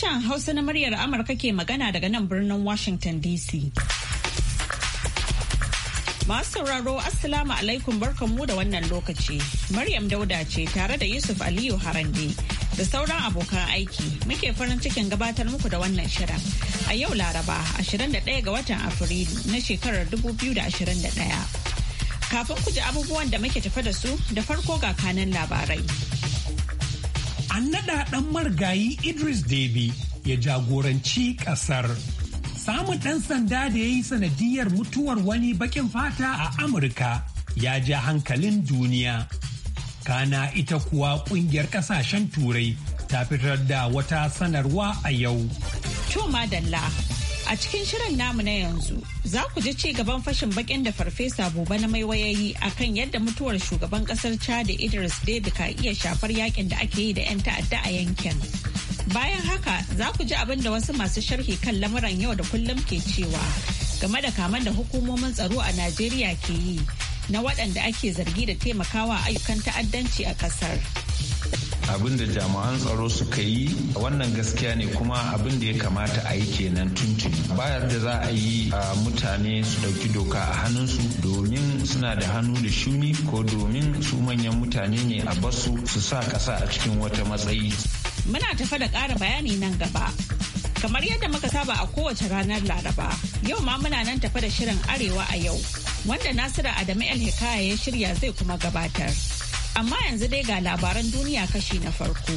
Sashen Hausa na muryar Amurka ke magana daga nan birnin Washington DC. Masu sauraro Assalamu alaikum barkanmu da wannan lokaci. Maryam Dauda ce tare da Yusuf Aliyu Harande da sauran abokan aiki muke farin cikin gabatar muku da wannan shirin. A yau Laraba 21 ga watan Afrilu na shekarar 2021. Kafin ku ji abubuwan da muke tafa da su da farko ga kanan labarai. an naɗa ɗan marigayi Idris Deby ya jagoranci ƙasar. Samun ɗan sanda da ya yi sanadiyar mutuwar wani baƙin fata a Amurka ya ja hankalin duniya. Kana ita kuwa ƙungiyar ƙasashen Turai ta fitar da wata sanarwa a yau. Cuma Dalla. A cikin shirin namu na yanzu za ku ji ci gaban fashin bakin da farfesa buba na mai wayayi kan yadda mutuwar shugaban kasar Chad Idris Deby ka iya shafar yakin da ake yi da 'yan ta'adda a yankin. Bayan haka za ku ji abin da wasu masu sharhi kan lamuran yau da kullum ke cewa game da kaman da hukumomin tsaro a Najeriya ke yi na waɗanda ake zargi da taimakawa ayyukan ta'addanci a ƙasar. abin da jami'an tsaro suka yi wannan gaskiya ne kuma abin da ya kamata a yi kenan tuntun bayar da za a yi a mutane su ɗauki doka a hannunsu domin suna da hannu da shuni ko domin su manyan mutane ne a basu su sa ƙasa a cikin wata matsayi muna tafa da ƙara bayani nan gaba kamar yadda muka saba a kowace ranar laraba yau ma muna nan tafa da shirin arewa a yau wanda nasira adamu el hikaya ya shirya zai kuma gabatar Amma yanzu dai ga labaran duniya kashi na farko.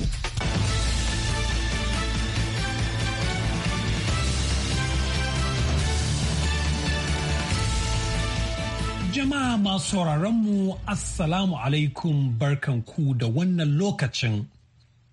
Jama'a masu mu Assalamu alaikum barkanku da wannan lokacin.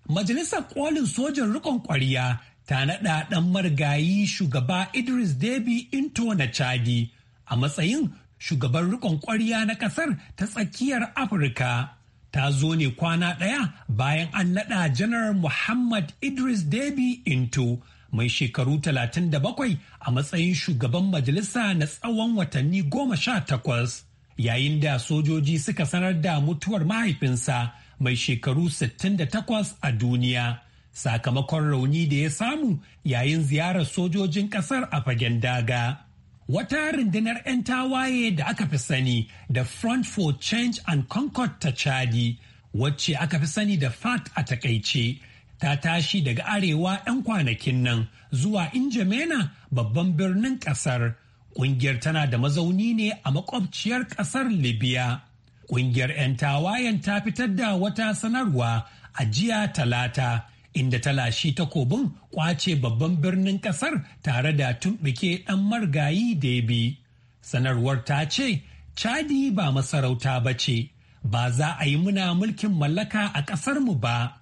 Majalisar kolin sojan rikon kwariya ta naɗa ɗan marigayi shugaba Idris Deby Into na Chadi a matsayin shugaban rikon kwariya na ƙasar ta tsakiyar Afirka. ta zo ne kwana ɗaya bayan an naɗa janar Muhammad Idris Deby Into mai shekaru 37 a matsayin shugaban majalisa na tsawon watanni 18 yayin da sojoji suka sanar da mutuwar mahaifinsa mai shekaru 68 a duniya sakamakon rauni da ya samu yayin ziyarar sojojin ƙasar a fagen daga. wata rundunar 'yan tawaye da aka fi sani da Front for Change and Concord ta Chadi, wacce aka fi sani da FAT a takaice, ta tashi daga arewa 'yan kwanakin nan zuwa Injamena babban birnin kasar. Ƙungiyar tana da mazauni ne a makwabciyar kasar Libya. Ƙungiyar 'yan tawayen ta fitar da wata sanarwa a jiya talata inda ta lashi takobin kwace babban birnin kasar tare da tumbike ɗan margayi da ya bi. Sanarwar ta ce, Chadi ba masarauta ba ce, ba za a yi muna mulkin mallaka a ƙasarmu ba.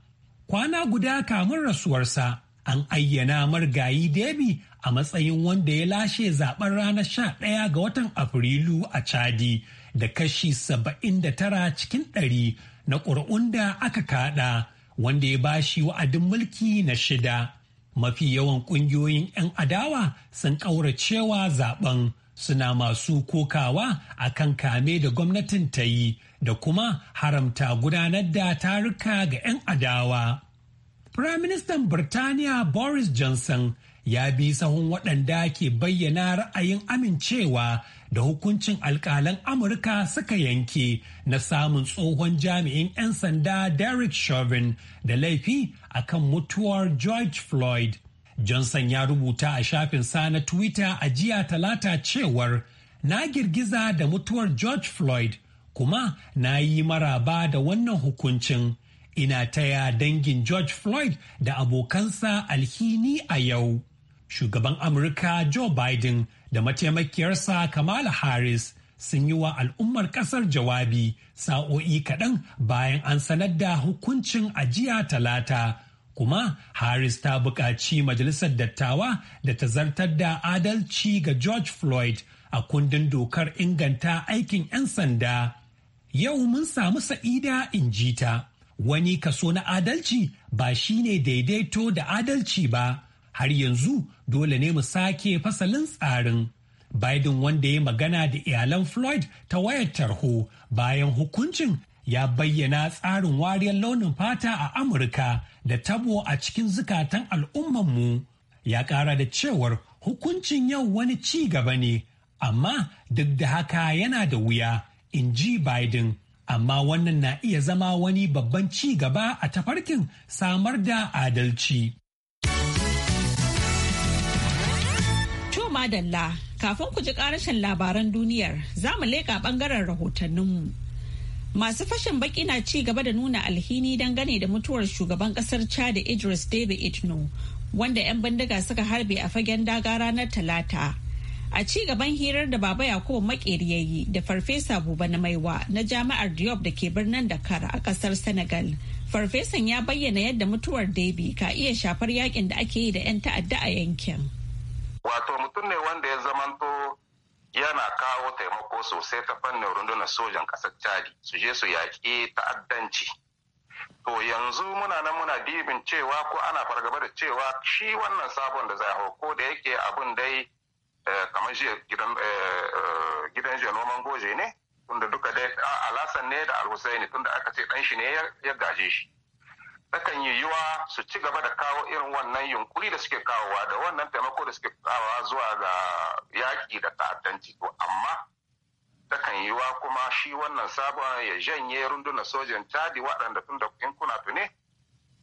Kwana guda kamun rasuwarsa, an ayyana margayi Debi a matsayin wanda ya lashe zaben ranar sha ɗaya ga watan Afrilu a Chadi da kashi saba'in da tara cikin ɗari na ƙuri'un da aka kaɗa. wanda ya ba shi wa'adin mulki na shida. Mafi yawan ƙungiyoyin 'yan adawa sun ƙauracewa zaben suna masu kokawa a kan kame da gwamnatin ta yi da kuma haramta gudanar da taruka ga 'yan adawa. Firaministan Birtaniya Boris Johnson ya bi sahun waɗanda ke bayyana ra'ayin amincewa da hukuncin alkalan Amurka suka yanke na samun tsohon jami'in 'yan sanda Derek Chauvin da laifi a kan mutuwar George Floyd. Johnson ya rubuta a shafinsa na Twitter a jiya talata cewar na girgiza da mutuwar George Floyd kuma na yi maraba da wannan hukuncin. Ina taya dangin George Floyd da abokansa alhini a yau. Shugaban Amurka Joe Biden da mataimakiyarsa Kamala Harris sun yi wa al'ummar kasar jawabi sa'o'i kaɗan bayan an sanar da hukuncin ajiya talata. Kuma Harris ta buƙaci Majalisar Dattawa da ta zartar da adalci ga George Floyd a kundin dokar inganta aikin 'yan sanda. Yau mun samu sa'ida in ji ta, wani kaso na adalci ba shine daidaito da adalci ba. har yanzu dole ne mu sake fasalin tsarin. Biden wanda ya magana da iyalan Floyd ta wayar tarho bayan hukuncin ya bayyana tsarin wariyar launin fata a Amurka da tabo a cikin zukatan al'ummanmu. Ya ƙara da cewar hukuncin yau wani ci gaba ne, amma duk da haka yana da wuya, in ji Biden. Amma wannan na iya zama wani babban ci gaba a tafarkin samar da adalci. madalla kafin ku ji karashin labaran duniyar za mu leƙa ɓangaren rahotanninmu. Masu fashin baki na ci gaba da nuna alhini dangane da mutuwar shugaban ƙasar Chad Idris Debe Itno wanda 'yan bindiga suka harbe a fagen daga ranar Talata. A ci gaban hirar da Baba Yakubu makeriyayi da Farfesa Buba na Maiwa na Jami'ar Diop da ke birnin Dakar a ƙasar Senegal. Farfesan ya bayyana yadda mutuwar Debe ka iya shafar yakin da ake yi da 'yan ta'adda a yankin. wato mutum ne wanda ya zamanto yana kawo taimako sosai ta fannin rundunar sojan ƙasar cadi su je su yaƙi ta'addanci to yanzu muna nan muna dibin cewa ko ana fargaba da cewa shi wannan sabon da zai ko da yake abin dai eh, kamar shi gidan je eh, eh, noman goje ne tunda duka dai alasan ne da alhusaini tunda aka ce dan shi ne ya gaje shi takan yi yiwa su ci gaba da kawo irin wannan yunkuri da suke kawowa da wannan taimako da suke kawowa zuwa ga yaƙi da ta'addanci to amma takan yiwa kuma shi wannan sabon ya janye runduna sojan cadi waɗanda tun da in kuna tune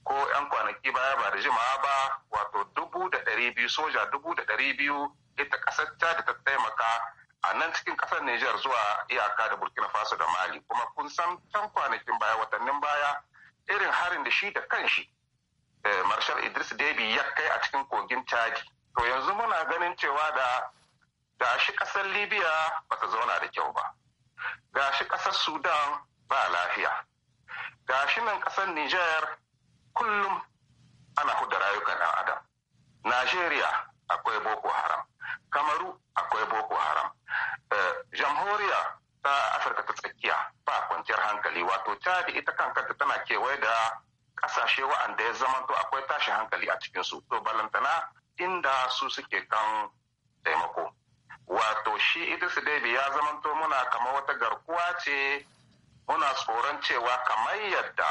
ko 'yan kwanaki baya ba da jimawa ba wato dubu da ɗari biyu soja dubu da ɗari biyu ita ƙasar cadi ta taimaka a nan cikin ƙasar Nijar zuwa iyaka da Burkina Faso da Mali kuma kun san can kwanakin baya watannin baya irin harin da shi da kanshi eh, marshal idris debi ya kai a cikin kogin taji to yanzu muna ganin cewa da ga shi kasar libya bata zauna da kyau ba ga shi kasar sudan ba lafiya ga shi nan kasar niger kullum ana huda rayukan ɗan adam nigeria akwai boko haram kamaru akwai boko haram eh, jamhuriya ta afirka ta tsakiya ba kwanciyar hankali wato chad ita kan ta tana kewaye da kasashe wa'anda ya zamanto akwai tashin hankali a cikinsu to balantana inda su suke kan taimako wato shi idris debi ya zamanto muna kama wata garkuwa ce muna tsoron cewa kamar yadda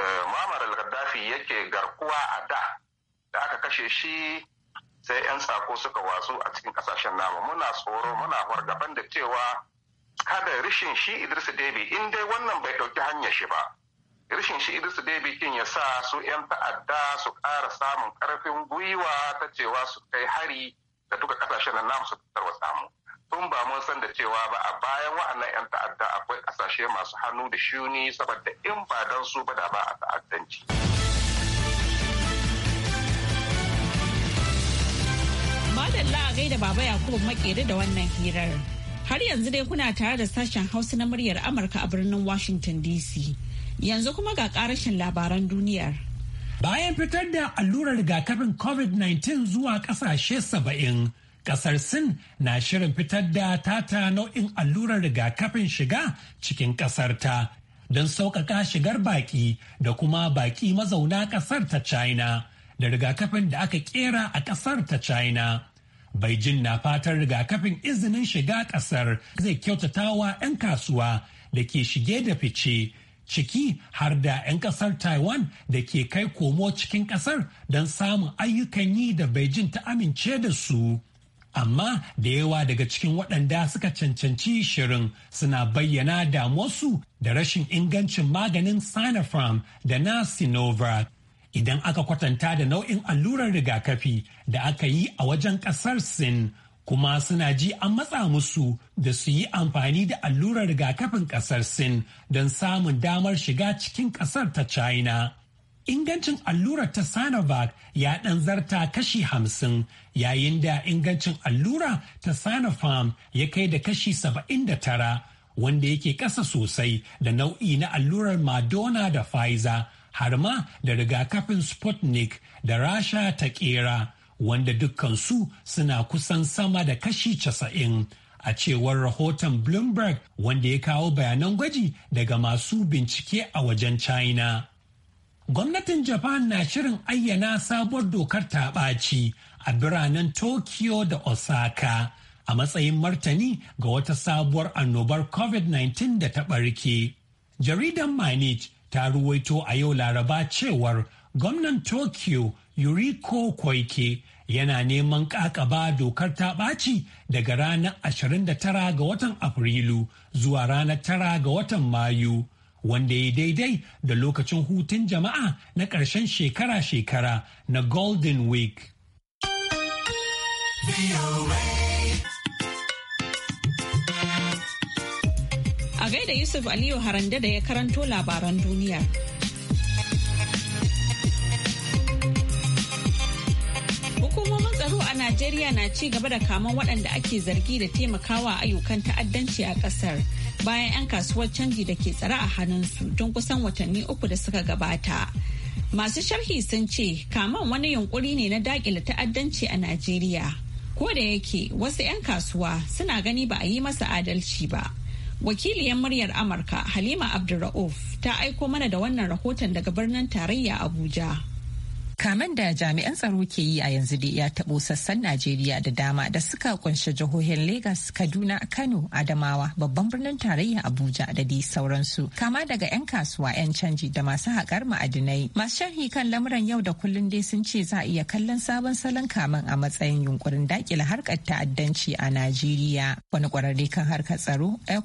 eh, mamar gaddafi yake garkuwa a da da aka kashe shi sai 'yan sako suka wasu a cikin kasashen namu muna tsoro muna fargaban da cewa kada rishin shi Idris Debi in dai wannan bai ɗauki hanyar shi ba. Rishin shi Idris Debi kin ya sa su 'yan ta'adda su ƙara samun ƙarfin gwiwa ta cewa su kai hari da duka ƙasashen na namu su fitar samu. Tun ba mun san da cewa ba a bayan wa'annan 'yan ta'adda akwai ƙasashe masu hannu da shuni saboda in ba dan su ba da ba a ta'addanci. Madalla a gaida Baba Yakubu Makere da wannan hirar. Har yanzu dai kuna tare da sashen Hausa na muryar Amurka a birnin Washington DC. Yanzu kuma ga karashin labaran duniyar. Bayan fitar da allurar rigakafin COVID-19 zuwa kasashe saba'in, kasar Sin na shirin fitar da tata nau'in allurar rigakafin shiga cikin kasarta don sauƙaƙa shigar baƙi da kuma baƙi mazauna ƙasar ta China da rigakafin da aka ƙera a ƙasar ta China. Beijing na fatar rigakafin izinin shiga ƙasar zai kyautatawa 'yan kasuwa da ke shige da fice ciki har da 'yan ƙasar Taiwan da ke kai komo cikin ƙasar don samun ayyukan yi da Beijing ta amince da su. Amma da yawa daga cikin waɗanda suka cancanci shirin suna bayyana damuwarsu da rashin ingancin maganin Sinopharm da na Sinovac idan aka kwatanta da nau'in allurar rigakafi da aka yi a wajen kasar sin kuma suna ji an matsa musu da su yi amfani da allurar rigakafin kasar sin don samun damar shiga cikin kasar ta china ingancin allurar ta sanovac ya ɗan zarta kashi hamsin yayin da ingancin allura ta sinopharm ya kai da kashi saba'in da tara wanda yake ƙasa sosai da nau'i na allurar madonna da pfizer har ma da rigakafin sputnik da rasha ta kera wanda dukkansu suna kusan sama da kashi casa'in a cewar rahoton bloomberg wanda ya kawo bayanan gwaji daga masu bincike a wajen china gwamnatin japan na shirin ayyana sabuwar dokar taɓaci a biranen tokyo da osaka a matsayin martani ga wata sabuwar annobar covid-19 da ta ɓarke jaridan manage ta ruwaito a yau laraba cewar gwamnan tokyo yuriko koike yana neman ƙaƙaba dokar ta ɓaci daga ranar 29 ga watan afrilu zuwa ranar 9 ga watan mayu wanda ya daidai da lokacin hutun jama'a na ƙarshen shekara-shekara na golden week. A gaida Yusuf Aliyu Harande da ya karanto labaran duniya. Hukumomin tsaro a Najeriya na ci gaba da kaman waɗanda ake zargi da taimakawa ayyukan ta'addanci a ƙasar bayan 'yan kasuwar canji da ke tsare a hannunsu tun kusan watanni uku da suka gabata. Masu sharhi sun ce kaman wani yunkuri ne na dakile ta'addanci a Najeriya. Ko da yake wasu 'yan kasuwa suna gani ba a yi masa adalci ba. Wakiliyar muryar Amurka Halima Abdulra'uf ta aiko mana da wannan rahoton daga birnin tarayya Abuja. Kamen da jami'an tsaro ke yi a yanzu da ya taɓo sassan Najeriya da dama da suka kunshi jihohin Legas, Kaduna, Kano, Adamawa, babban birnin tarayya Abuja da dai sauransu. Kama daga 'yan kasuwa 'yan canji da masu haƙar ma'adinai. Masu sharhi kan lamuran yau da kullun dai sun ce za a iya kallon sabon salon kamen a matsayin yunkurin dakile harkar ta'addanci a Najeriya. Wani ƙwararre kan harkar tsaro, Air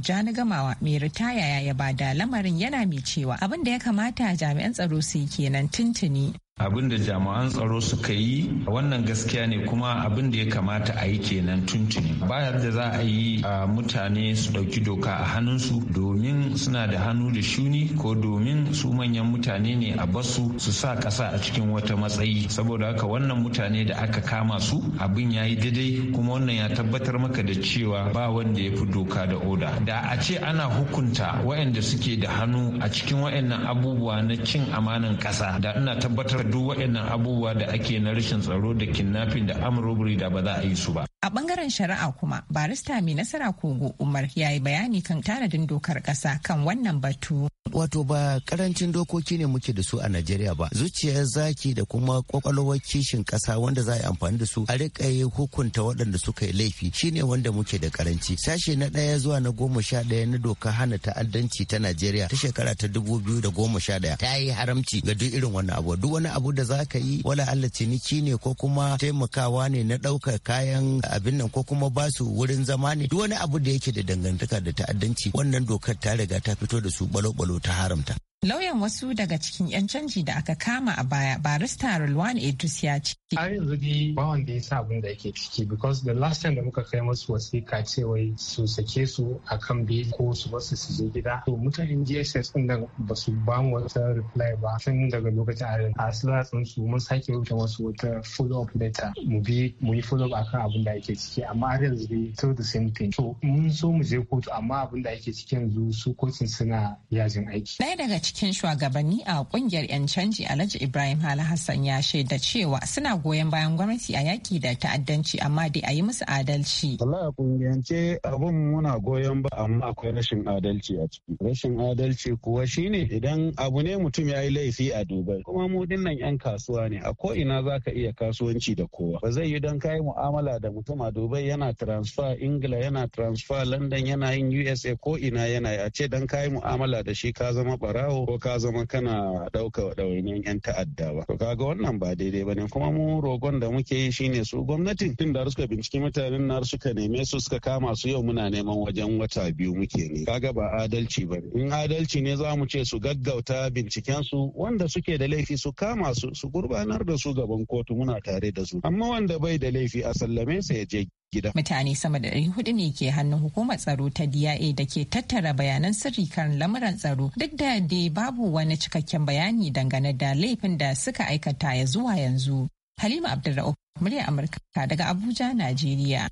ja na Gamawa mai ritaya ya bada lamarin yana mai cewa abin da ya kamata jami'an tsaro su yi kenan tuntuni abin da jami'an tsaro suka yi wannan gaskiya ne kuma abin da ya kamata a yi kenan tuntuni bayar da za a yi a mutane su ɗauki doka a hannunsu domin suna da hannu da shuni ko domin su manyan mutane ne a basu su sa ƙasa a cikin wata matsayi saboda haka wannan mutane da aka kama su abin ya yi daidai kuma wannan ya tabbatar maka da cewa ba wanda ya fi doka da oda da a ce ana hukunta waɗanda suke da hannu a cikin waɗannan abubuwa na cin amanan ƙasa da ina tabbatar duk waɗannan abubuwa da ake na rashin tsaro da kidnapping da am robbery da ba za a yi su ba. A bangaren shari'a kuma barista mai nasara kogo Umar ya yi bayani kan tanadin dokar ƙasa kan wannan batu. Wato ba karancin dokoki ne muke da su a Najeriya ba. Zuciyar zaki da kuma kwakwalwar kishin ƙasa wanda za a yi amfani da su a riƙa yi hukunta waɗanda suka yi laifi shine wanda muke da karanci. Sashe na ɗaya zuwa na goma sha ɗaya na doka hana ta'addanci ta Najeriya ta shekara ta dubu biyu da goma sha ɗaya ta yi haramci ga duk irin wannan abu. Duk wani abu da za ka yi wala Allah ciniki ne ko kuma taimakawa ne na ɗaukar kayan abin nan ko kuma ba su wurin zama ne duk wani abu da yake da dangantaka da ta'addanci wannan dokar ta riga ta fito da su balo-balo ta haramta. Lauyan wasu daga cikin 'yan canji da aka kama a baya barista Rulwan Edus ya ce. Har yanzu dai ba wanda ya sa abin da yake ciki because the last time da muka kai masu wasiƙa wai su sake su a kan biyu ko su basu su je gida. To mutanen GSS ɗin da ba su ba mu wata reply ba sun daga lokacin arin. A sun su mun sake rubuta masu wata follow up letter mu bi mu yi follow up akan abin da yake ciki amma har yanzu dai to the same thing. To mun so mu je kotu amma abin da yake ciki yanzu su kotun suna yajin aiki. Ɗaya daga cikin shugabanni a kungiyar 'yan canji Alhaji Ibrahim Hala Hassan ya shaida cewa suna goyon bayan gwamnati a yaki da ta'addanci amma dai a yi musu adalci. Wallahi kungiyance abun muna goyon ba amma akwai rashin adalci a ciki. Rashin adalci kuwa shine idan abu ne mutum ya yi laifi a Dubai kuma mu dinnan 'yan kasuwa ne a ko ina za ka iya kasuwanci da kowa. Ba zai yi don kayi mu'amala da mutum a Dubai yana transfer Ingila yana transfer London yana yin USA ko ina yana a ce don kayi mu'amala da shi ka zama barawo yaro ko ka zama kana ɗauka dawainiyan 'yan ta'adda ba to kaga wannan ba daidai ba ne kuma mu rogon da muke yi shine su gwamnatin tun da suka binciki mutanen na suka neme su suka kama su yau muna neman wajen wata biyu muke ne kaga ba adalci ba in adalci ne za mu ce su gaggauta binciken su wanda suke da laifi su kama su su gurbanar da su gaban kotu muna tare da su amma wanda bai da laifi a sallame sa ya je gida. Mutane sama da ɗari hudu ne ke hannun hukumar tsaro ta DIA da ke tattara bayanan sirri kan lamuran tsaro duk da dai babu wani cikakken bayani dangane da laifin da suka aikata ya zuwa yanzu. Halima Abdulra'uf, murya Amurka daga Abuja, Najeriya.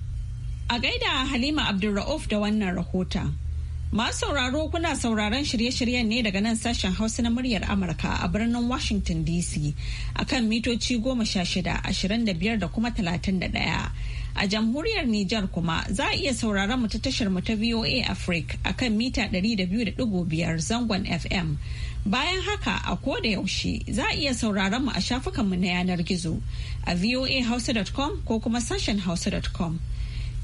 A gaida Halima Abdulra'uf da wannan rahota. Masu sauraro kuna sauraron shirye-shiryen ne daga nan sashen Hausa na muryar Amurka a birnin Washington DC akan mitoci goma sha shida, ashirin da biyar da kuma talatin da ɗaya. A jamhuriyar Nijar kuma za a iya sauraron mu ta tashar mu ta VOA Africa a kan mita 200.5 zangon FM. Bayan haka a koda yaushe za a iya sauraron mu a mu na yanar gizo a voahausa.com ko kuma sashen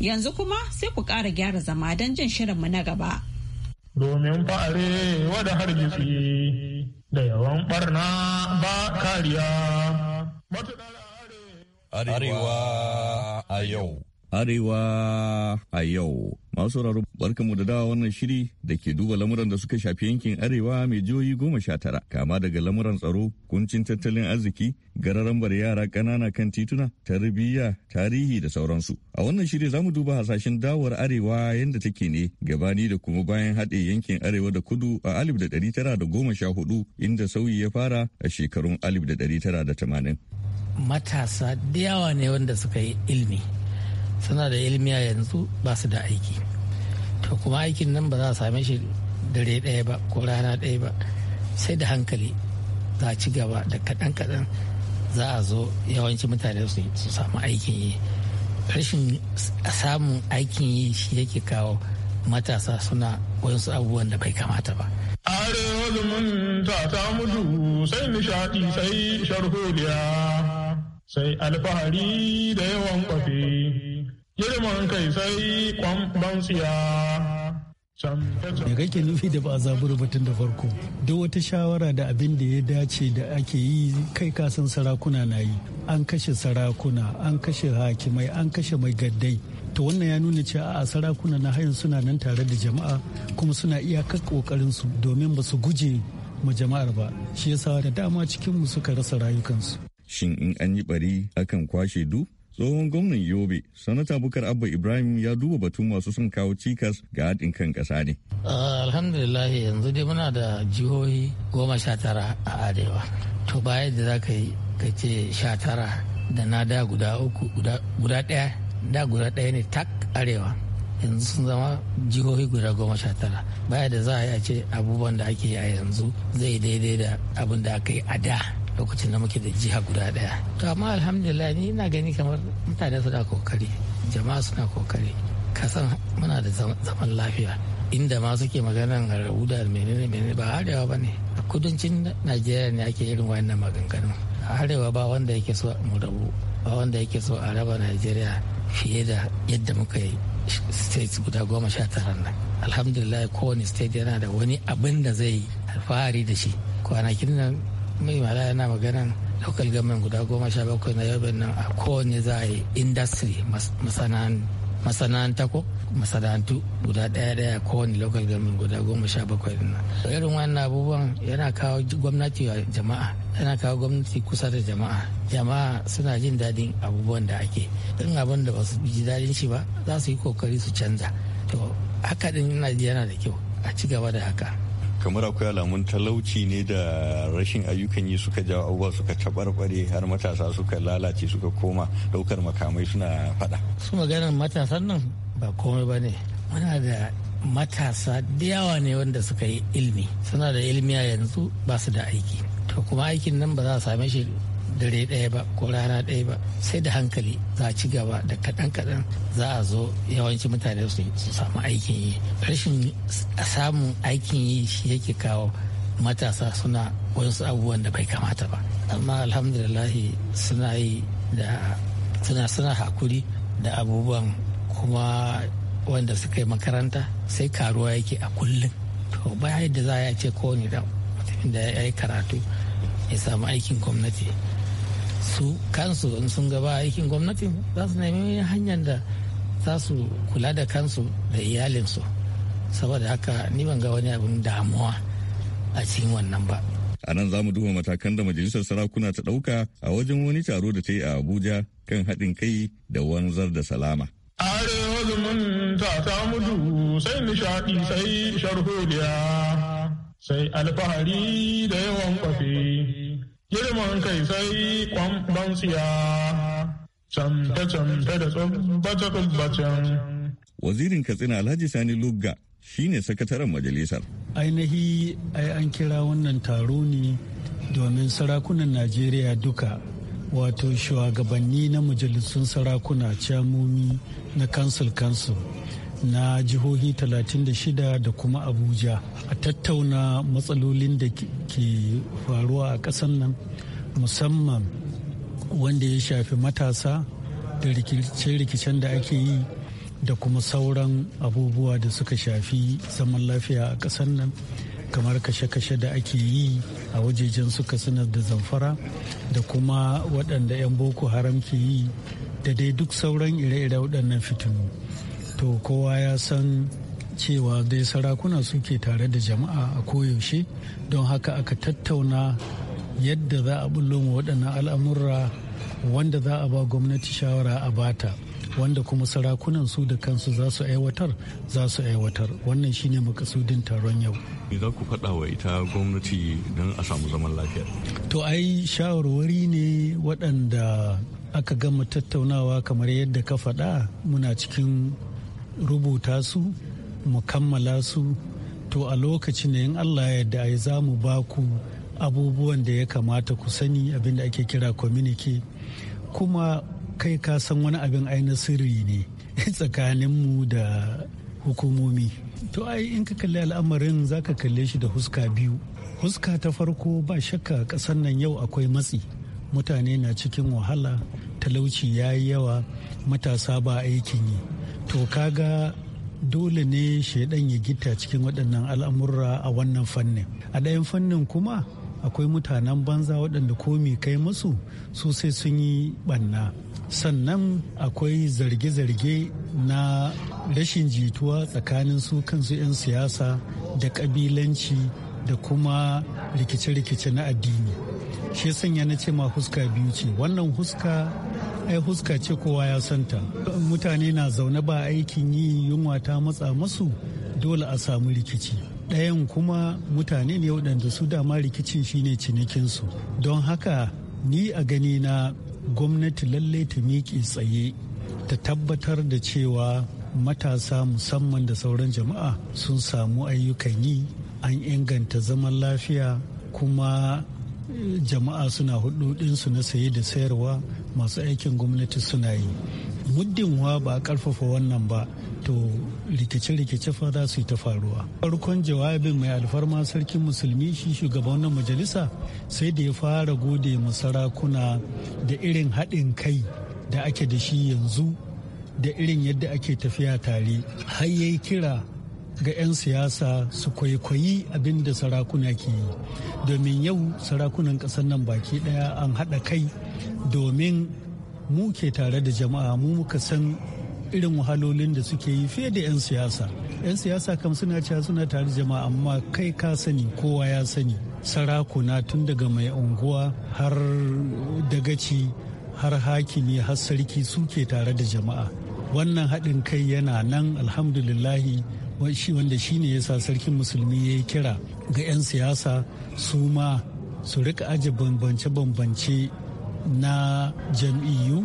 Yanzu kuma sai ku ƙara gyara zama don jin shirinmu na gaba. Domin fa'are wada hargitsi da yawan barna ba kariya. Arewa. a yau. Arewa a yau. Masu sauraro mu da dawa wannan shiri da ke duba lamuran da suka shafi yankin Arewa mai jihohi goma sha tara. Kama daga lamuran tsaro, kuncin tattalin arziki, gararambar yara ƙanana kan tituna, tarbiyya, tarihi da sauransu. A wannan shiri za mu duba hasashen dawar Arewa yadda take ne gabani da kuma bayan haɗe yankin Arewa da Kudu a alif da ɗari tara da goma sha hudu inda sauyi ya fara a shekarun alif da ɗari tara da tamanin. matasa da yawa ne wanda suka yi ilmi suna da ilmi a yanzu ba su da aiki to kuma aikin nan ba za a same shi dare ɗaya ba ko rana ɗaya ba sai da hankali za a ci gaba da kaɗan kaɗan za a zo yawanci mutane su samu aikin yi rashin samun aikin yi shi yake kawo matasa suna wasu abubuwan da bai kamata ba are zumunta ta mutu sai nishaɗi sai sharholiya sai alfahari da yawan kwafi girman kai sai kwamban Me kake nufi da ba a zaburi batun da farko? Duk wata shawara da abin da ya dace da ake yi kai kasan sarakuna na yi. An kashe sarakuna, an kashe hakimai, an kashe mai gaddai. To wannan ya nuna cewa a sarakuna na hayan suna nan tare da jama'a kuma suna iyakar ƙoƙarinsu su domin ba su guje ma jama'ar ba. Shi yasa da dama cikin suka rasa rayukansu. shin in an yi bari akan kwashe du tsohon gwamnan yobe sanata bukar abba ibrahim ya duba batun masu son kawo cikas ga haɗin kan ƙasa ne ah, alhamdulillah yanzu dai muna da jihohi goma sha tara a arewa to baya da za ka yi ka ce sha tara da na da guda uku guda ɗaya da guda ɗaya ne tak arewa yanzu sun zama jihohi guda goma sha tara baya da za a yi a ce abubuwan da ake yi a yanzu zai daidai da abin da aka yi a da lokacin da muke da jiha guda daya to amma alhamdulillah ni ina gani kamar mutane suna kokari jama'a suna kokari kasan muna da zaman lafiya inda ma suke maganan rabu da menene menene ba arewa ba ne a kudancin najeriya ne ake irin wannan maganganu a arewa ba wanda yake so mu rabu ba wanda yake so a raba najeriya fiye da yadda muka yi state guda goma sha tara nan alhamdulillah kowane state yana da wani abin da zai alfahari da shi kwanakin nan mai mala yana magana local government guda goma sha bakwai na yau nan a kowane za a yi industry masana'anta ko masana'antu guda ɗaya ɗaya kowane local government guda goma sha bakwai nan irin wannan abubuwan yana kawo gwamnati wa jama'a yana kawo gwamnati kusa da jama'a jama'a suna jin daɗin abubuwan da ake in abin da basu su ji daɗin shi ba za su yi kokari su canza to haka ɗin yana da kyau a ci gaba da haka kamar akwai alamun talauci ne da rashin ayyukan yi suka jawo abubuwa suka tabarbare har matasa suka lalace suka koma daukar makamai suna fada su maganar matasan nan ba komai ba ne muna da matasa da yawa ne wanda suka yi ilmi suna da ilmi a yanzu ba su da aiki to kuma aikin nan ba za a same shi dare ɗaya ba ko rana ɗaya ba sai da hankali za a ci gaba da kaɗan kaɗan za a zo yawanci mutane su samu aikin yi rashin samun aikin yi shi yake kawo matasa suna wasu abubuwan da bai kamata ba amma alhamdulillahi suna yi da suna suna hakuri da abubuwan kuma wanda suka yi makaranta sai karuwa yake a kullum to baya da za a ce kowane da da ya yi karatu ya samu aikin gwamnati su kansu in sun gaba aikin gwamnatin za su nemi hanyar da za su kula da kansu da iyalinsu saboda haka ni ban ga wani abin damuwa a cikin wannan ba a nan za mu duba matakan da majalisar sarakuna ta ɗauka a wajen wani taro da ta yi a abuja kan haɗin kai da wanzar da salama arewa ta mudu sai nishaɗi sai sai alfahari da yawan kwafi Girman kai sai kwan ya camfe-camfe da tsubbace-tsubbacen. Wazirin Katsina Alhaji Sani Lugga shi ne sakataren majalisar. Ainihi ai an kira wannan taro ne domin sarakunan Najeriya duka wato shugabanni na majalisun sarakuna camomi na kansul kansul na jihohi 36 da kuma abuja a tattauna matsalolin da ke faruwa a ƙasar nan musamman wanda ya shafi matasa da rikice-rikicen da ake yi da kuma sauran abubuwa da suka shafi zaman lafiya a ƙasar nan kamar kashe-kashe da ake yi a wajejen suka sanar da zamfara da kuma waɗanda 'yan boko haram ke yi da dai duk sauran ire-ire waɗannan fitinu to kowa ya san cewa dai sarakuna suke tare da jama'a a koyaushe don haka aka tattauna yadda za a bullo ma waɗannan al'amurra wanda za a ba gwamnati shawara a bata wanda kuma sarakunan su da kansu za su aiwatar za su aiwatar wannan shine makasudin taron yau me za ku faɗa wa ita gwamnati don a samu zaman lafiya to ai shawarwari ne waɗanda aka gama tattaunawa kamar yadda ka faɗa muna cikin rubuta su mu kammala su to a lokacin da in allah yadda ai za mu ba ku abubuwan da ya kamata ku sani abin da ake kira communique kuma kai ka san wani abin aina sirri ne tsakanin mu da hukumomi to ai in ka kalli al'amarin za ka kalle shi da huska biyu huska ta farko ba shakka ƙasar nan yau akwai matsi mutane na cikin wahala talauci ya yi yawa matasa ba aikin yi to kaga dole ne shaidan ya gita cikin waɗannan al'amurra a wannan fannin a ɗayan fannin kuma akwai mutanen banza waɗanda komi kai musu su sai sun yi ɓanna sannan akwai zarge-zarge na rashin jituwa tsakanin su kansu 'yan siyasa da ƙabilanci da kuma rikice-rikice na addini shi sanya na ce ma huska biyu ce wannan huska ai huska ce kowa ya santa mutane na zaune ba aikin yi yunwa ta matsa masu dole a samu rikici ɗayan kuma mutane ne waɗanda su dama rikicin shine cinikinsu don haka ni a gani na gwamnati lallai ta miƙe tsaye ta tabbatar da cewa matasa musamman da sauran jama'a sun samu ayyukan yi an inganta zaman lafiya kuma jama'a suna hududinsu na saye da sayarwa masu aikin gwamnati suna yi muddin wa ba a karfafa wannan ba to rikice-rikice fa za su yi ta faruwa farkon jawabin mai alfarma sarkin musulmi shi shugaban wannan majalisa sai da ya fara gode sarakuna da irin haɗin kai da ake da shi yanzu da irin yadda ake tafiya tare har yayi kira ga 'yan siyasa su kwaikwayi abin da sarakuna ke yi domin yau sarakunan ƙasar nan baki ɗaya an haɗa kai domin mu ke tare da jama'a mu muka san irin wahalolin da suke yi fiye da 'yan siyasa 'yan siyasa kam suna cewa suna tare jama'a amma kai ka sani kowa ya sani sarakuna tun daga mai unguwa har dagaci har hakimi har sarki suke tare da jama'a wannan haɗin kai yana nan alhamdulillahi shi wanda shi ne ya sa sarkin musulmi ya yi kira ga 'yan siyasa su ma su rika aje bambance-bambance na jam'iyyu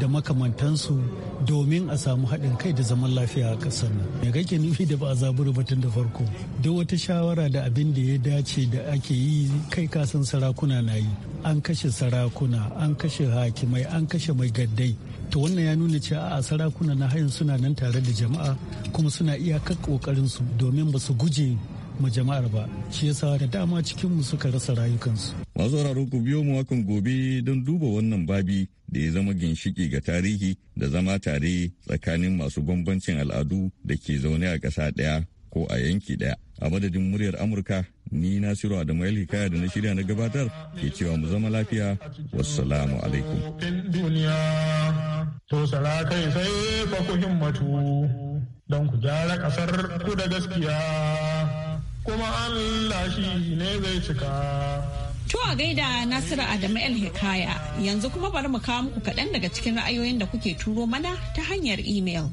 da makamantansu domin a samu haɗin kai da zaman lafiya a ƙasar nan me kake nufi da ba a zaburi batun da farko duk wata shawara da abin da ya dace da ake yi kai kasan sarakuna na yi an kashe sarakuna an kashe hakimai an kashe mai gaddai to wannan ya nuna cewa a sarakuna na hayan suna nan tare da jama'a kuma suna iyakar kokarin su domin ba su guje ma jama'ar ba shi yasa da dama cikin mu suka rasa rayukansu masu sauraro ku biyo mu akan gobe don duba wannan babi da ya zama ginshiki ga tarihi da zama tare tsakanin masu bambancin al'adu da ke zaune a ƙasa ɗaya ko a yanki ɗaya a madadin muryar amurka ni da mayar hikaya da na shirya na gabatar ke cewa mu zama lafiya wassalamu alaikum To kai sai fa ku himmatu don ku gyara ƙasar ku da gaskiya kuma Allah shi ne zai cika. To a gaida Nasiru Adamu El Hikaya yanzu kuma bari mu kawo muku kaɗan daga cikin ra'ayoyin da kuke turo mana ta hanyar email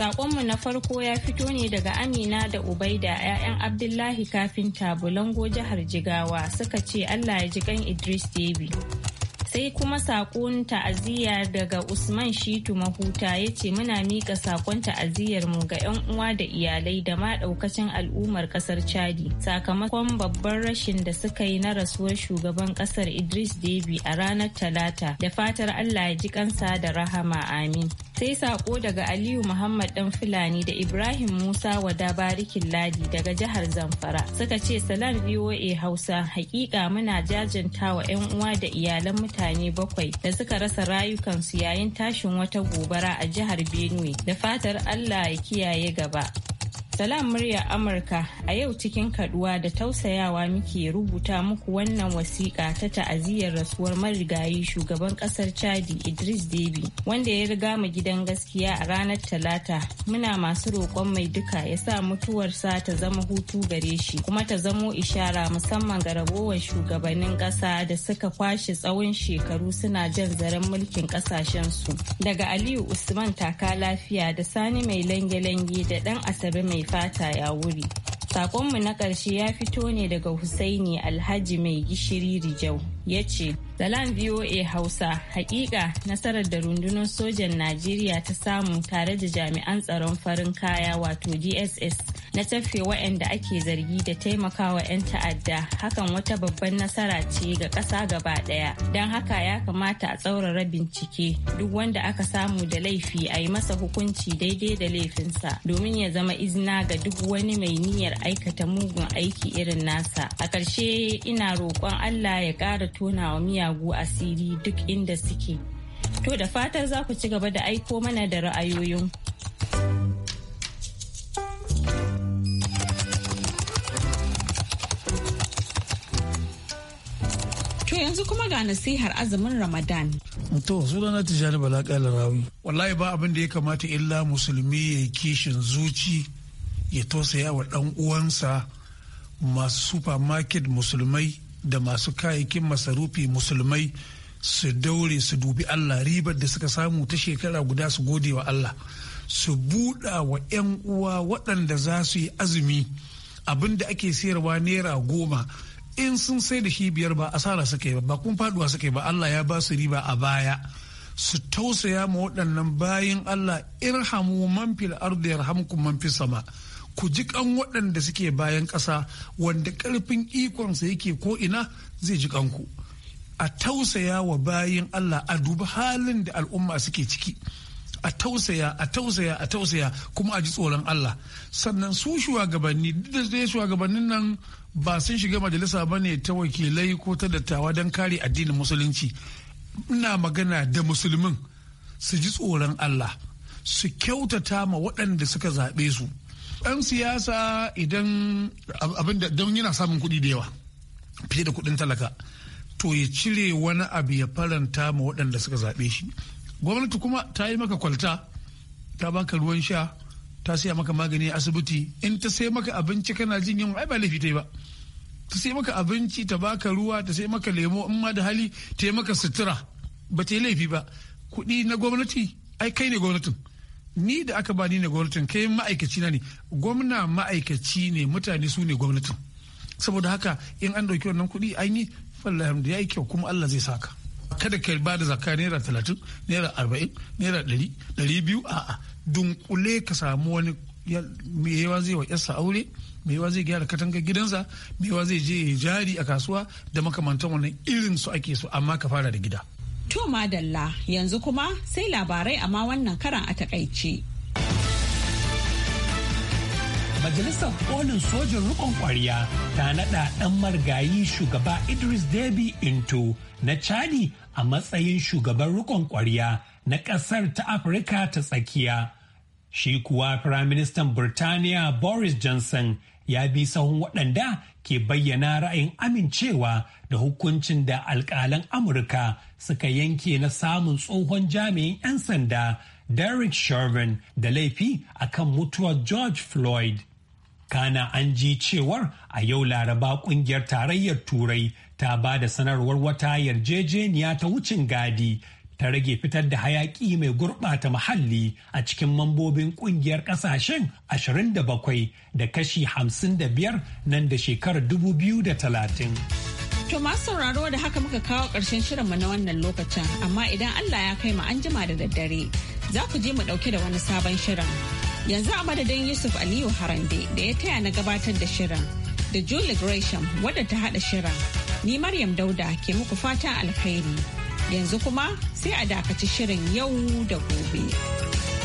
Sakonmu na farko ya fito ne daga Amina da Ubaida 'ya'yan Abdullahi kafin tabulango jihar Jigawa suka ce Allah ya ji kan Idris Debi. sai kuma sakon ta'aziyya daga usman shitu mahuta ya ce muna mika sakon ta'aziyyar mu ga 'yan uwa da iyalai da ma daukacin al'ummar ƙasar chadi sakamakon babban rashin da suka yi na rasuwar shugaban ƙasar idris debi a ranar talata da fatar allah ya ji kansa da rahama amin sai sako daga aliyu muhammad dan fulani da ibrahim musa wada barikin ladi daga jihar zamfara suka ce salam voa hausa hakika muna jajanta wa 'yan uwa da iyalan mutane mutane bakwai da suka rasa rayukansu yayin tashin wata gobara a jihar Benue da fatar Allah ya kiyaye gaba. Salam murya Amurka a yau cikin kaduwa da tausayawa muke rubuta muku wannan wasiƙa ta ta'aziyyar rasuwar marigayi shugaban ƙasar Chadi Idris Deby wanda ya riga mu gidan gaskiya a ranar Talata. Muna masu roƙon mai duka ya sa mutuwarsa ta zama hutu gare shi kuma ta zamo ishara musamman ga ragowar shugabannin ƙasa da suka kwashe tsawon shekaru suna jan zaren mulkin su Daga Aliyu Usman taka lafiya da Sani mai lange-lange da ɗan Asabe mai fata ya wuri. Sakonmu na ƙarshe ya fito ne daga Husaini Alhaji Mai Gishiri Rijau ya ce, Salam VOA Hausa, hakika nasarar da rundunar sojan Najeriya ta samu tare da jami'an tsaron farin kaya wato DSS na tafe waɗanda ake zargi da taimakawa 'yan ta'adda hakan wata babban nasara ce ga ƙasa gaba ɗaya don haka ya kamata a tsaurara bincike duk wanda aka samu da laifi a yi masa hukunci daidai da laifinsa domin ya zama izina ga duk wani mai niyyar aikata mugun aiki irin nasa a ƙarshe ina roƙon allah ya ƙara tonawa wa miyagu asiri duk inda suke to da fatar za ku ci gaba da aiko mana da ra'ayoyinku. yanzu kuma ga nasihar azumin Ramadan. To, sunana Tijjani Bala Larawi. Wallahi ba abin da ya kamata illa musulmi ya yi kishin zuci ya tausaya wa ɗan uwansa masu supermarket musulmai da masu kayayyakin masarufi musulmai su daure su dubi Allah ribar da suka samu ta shekara guda su gode wa Allah su buɗa wa 'yan uwa waɗanda za su yi azumi abin da ake sayarwa naira goma in sun sai da shi biyar ba asara suka ba ba kun faduwa yi ba Allah ya ba su riba a baya su tausaya ma waɗannan bayan Allah irhamu man fil ardi yarhamkum man fis sama ku ji kan waɗanda suke bayan ƙasa wanda ƙarfin ikon sa yake ko ina zai ji kanku a tausaya wa bayin Allah a duba halin da al'umma suke ciki a tausaya a tausaya a tausaya kuma a ji tsoron Allah sannan su shugabanni duk da shugabannin nan ba sun shiga majalisa ba ne ta wakilai ko ta dattawa don kare addinin musulunci ina magana da musulmin su ji tsoron allah su kyautata ma waɗanda suka zaɓe su ɗan siyasa idan abin da don yana samun kuɗi da yawa fiye da kuɗin talaka to ya cire wani abu ya faranta ma waɗanda suka zaɓe shi gwamnati kuma ta yi maka kwalta ta baka ruwan sha ta siya maka magani a asibiti in ta sai maka abinci kana jin yunwa ai ba laifi ta ba ta sai maka abinci ta baka ruwa ta sai maka lemo in ma da hali ta yi maka sutura ba ta yi laifi ba kuɗi na gwamnati ai kai ne gwamnatin ni da aka ba ni ne gwamnatin kai ma'aikaci na ne gwamna ma'aikaci ne mutane su ne gwamnatin saboda haka in an ɗauki wannan kuɗi an yi fallahamdu ya yi kyau kuma allah zai saka kada ka ba da zakka naira talatin naira arba'in naira ɗari ɗari biyu a dunkule ka samu wani yawa zai wa yarsa aure yawa zai gyara katangar gidansa yawa zai je jari a kasuwa da makamantan wannan irin su ake so amma ka fara da gida. To madalla yanzu kuma sai labarai amma wannan karan a takaice. majalisar kolin sojin rikon kwariya ta naɗa ɗan margayi shugaba idris debi into na chadi a matsayin shugaban rikon kwariya na ƙasar ta afirka ta tsakiya shi kuwa firaministan birtaniya boris johnson ya bi sahun waɗanda ke bayyana ra'ayin amincewa da hukuncin da alƙalan amurka suka yanke na samun tsohon jami'in 'yan sanda derek chauvin da laifi akan mutuwar george floyd kana an ji cewar a yau laraba kungiyar tarayyar turai ta ba da sanarwar wata yarjejeniya ta wucin gadi ta rage fitar da hayaki mai gurɓata muhalli a cikin mambobin kungiyar ƙasashen 27 da kashi 55 nan da shekarar 2030. To masu sauraro da haka muka kawo ƙarshen shirinmu na wannan lokacin amma idan Allah ya kai mu an jima da daddare za ku je mu ɗauke da wani sabon shirin. Yanzu a madadin Yusuf Aliyu Harande da ya taya na gabatar da shirin da Julie Gresham wadda ta haɗa shirin. Ni Maryam Dauda ke muku fatan alkhairi. Yanzu kuma sai a dakaci shirin yau da gobe.